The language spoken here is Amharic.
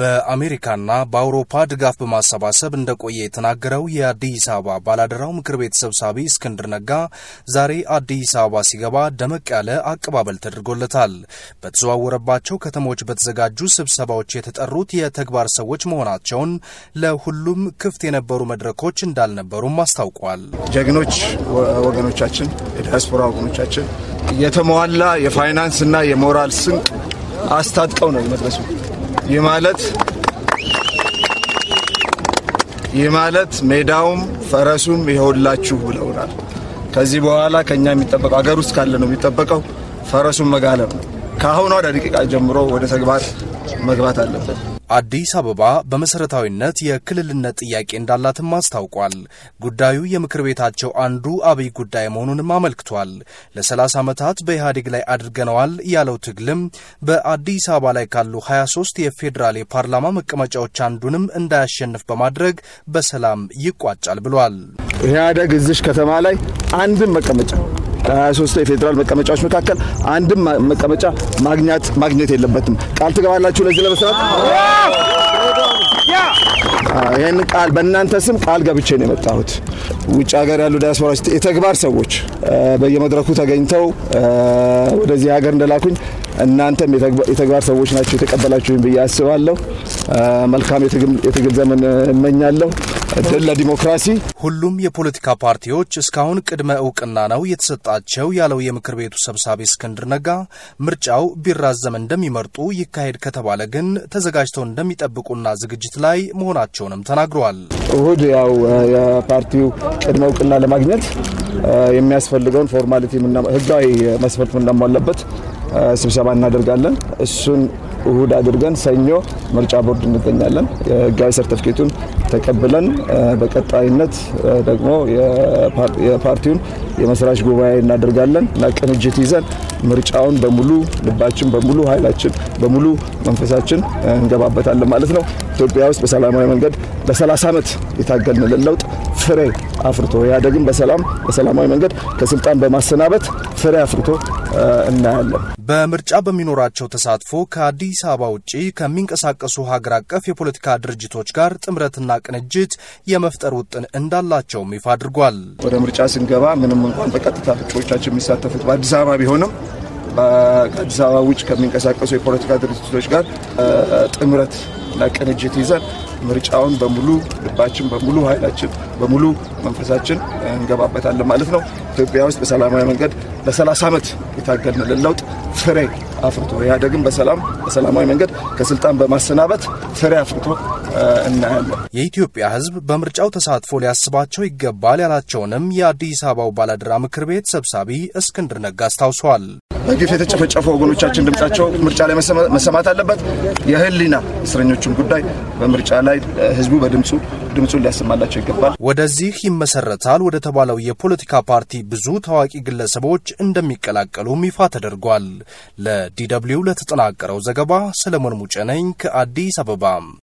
በአሜሪካና በአውሮፓ ድጋፍ በማሰባሰብ እንደቆየ የተናገረው የአዲስ አበባ ባላደራው ምክር ቤት ሰብሳቢ እስክንድር ነጋ ዛሬ አዲስ አበባ ሲገባ ደመቅ ያለ አቀባበል ተደርጎለታል። በተዘዋወረባቸው ከተሞች በተዘጋጁ ስብሰባዎች የተጠሩት የተግባር ሰዎች መሆናቸውን፣ ለሁሉም ክፍት የነበሩ መድረኮች እንዳልነበሩም አስታውቋል። ጀግኖች ወገኖቻችን፣ የዲያስፖራ ወገኖቻችን የተሟላ የፋይናንስና የሞራል ስንቅ አስታጥቀው ነው የመድረሱ ይህ ማለት ይህ ማለት ሜዳውም ፈረሱም ይኸውላችሁ ብለውናል። ከዚህ በኋላ ከኛ የሚጠበቀው ሀገር ውስጥ ካለ ነው የሚጠበቀው፣ ፈረሱን መጋለብ ነው። ከአሁኗ ደቂቃ ጀምሮ ወደ ተግባር መግባት አለበት። አዲስ አበባ በመሰረታዊነት የክልልነት ጥያቄ እንዳላትም አስታውቋል። ጉዳዩ የምክር ቤታቸው አንዱ አብይ ጉዳይ መሆኑንም አመልክቷል። ለ30 ዓመታት በኢህአዴግ ላይ አድርገነዋል ያለው ትግልም በአዲስ አበባ ላይ ካሉ 23 የፌዴራል የፓርላማ መቀመጫዎች አንዱንም እንዳያሸንፍ በማድረግ በሰላም ይቋጫል ብሏል። ኢህአዴግ እዚሽ ከተማ ላይ አንድም መቀመጫ 23 የፌዴራል መቀመጫዎች መካከል አንድም መቀመጫ ማግኘት ማግኘት የለበትም። ቃል ትገባላችሁ ለዚህ ለመስራት ይህን ቃል በእናንተ ስም ቃል ገብቼ ነው የመጣሁት። ውጭ ሀገር ያሉ ዲያስፖራዎች የተግባር ሰዎች በየመድረኩ ተገኝተው ወደዚህ ሀገር እንደላኩኝ እናንተም የተግባር ሰዎች ናቸው የተቀበላችሁኝ ብዬ አስባለሁ። መልካም የትግል ዘመን እመኛለሁ። ለዲሞክራሲ ሁሉም የፖለቲካ ፓርቲዎች እስካሁን ቅድመ እውቅና ነው የተሰጣቸው ያለው የምክር ቤቱ ሰብሳቢ እስክንድር ነጋ ምርጫው ቢራዘም እንደሚመርጡ ይካሄድ ከተባለ ግን ተዘጋጅተው እንደሚጠብቁና ዝግጅት ላይ መሆናቸውንም ተናግረዋል። እሁድ ያው የፓርቲው ቅድመ እውቅና ለማግኘት የሚያስፈልገውን ፎርማሊቲ ህጋዊ መስፈርት ምናሟላበት ስብሰባ እናደርጋለን እሱን እሁድ አድርገን ሰኞ ምርጫ ቦርድ እንገኛለን። የህጋዊ ሰርተፍኬቱን ተቀብለን በቀጣይነት ደግሞ የፓርቲውን የመስራች ጉባኤ እናደርጋለን እና ቅንጅት ይዘን ምርጫውን በሙሉ ልባችን በሙሉ ኃይላችን በሙሉ መንፈሳችን እንገባበታለን ማለት ነው። ኢትዮጵያ ውስጥ በሰላማዊ መንገድ ለ30 ዓመት የታገልንልን ለውጥ ፍሬ አፍርቶ ኢህአዴግን በሰላም በሰላማዊ መንገድ ከስልጣን በማሰናበት ፍሬ አፍርቶ እናያለን። በምርጫ በሚኖራቸው ተሳትፎ ከአዲስ አበባ ውጭ ከሚንቀሳቀሱ ሀገር አቀፍ የፖለቲካ ድርጅቶች ጋር ጥምረትና ቅንጅት የመፍጠር ውጥን እንዳላቸውም ይፋ አድርጓል። ወደ ምርጫ ስንገባ ምንም እንኳን በቀጥታ እጩዎቻችን የሚሳተፉት በአዲስ አበባ ቢሆንም ከአዲስ አበባ ውጭ ከሚንቀሳቀሱ የፖለቲካ ድርጅቶች ጋር ጥምረት እና ቅንጅት ይዘን ምርጫውን በሙሉ ልባችን፣ በሙሉ ኃይላችን፣ በሙሉ መንፈሳችን እንገባበታለን ማለት ነው። ኢትዮጵያ ውስጥ በሰላማዊ መንገድ ለ30 ዓመት የታገልን ለውጥ ፍሬ አፍርቶ ኢህአዴግን በሰላም በሰላማዊ መንገድ ከስልጣን በማሰናበት ፍሬ አፍርቶ እናያለን። የኢትዮጵያ ሕዝብ በምርጫው ተሳትፎ ሊያስባቸው ይገባል ያላቸውንም የአዲስ አበባው ባላደራ ምክር ቤት ሰብሳቢ እስክንድር ነጋ አስታውሷል። በግፍ የተጨፈጨፉ ወገኖቻችን ድምጻቸው ምርጫ ላይ መሰማት አለበት። የህሊና እስረኞችን ጉዳይ በምርጫ ላይ ህዝቡ በድምፁ ድምፁን ሊያሰማላቸው ይገባል። ወደዚህ ይመሰረታል ወደ ተባለው የፖለቲካ ፓርቲ ብዙ ታዋቂ ግለሰቦች እንደሚቀላቀሉም ይፋ ተደርጓል። ለዲ ለተጠናቀረው ዘገባ ሰለሞን ሙጨነኝ ከአዲስ አበባ።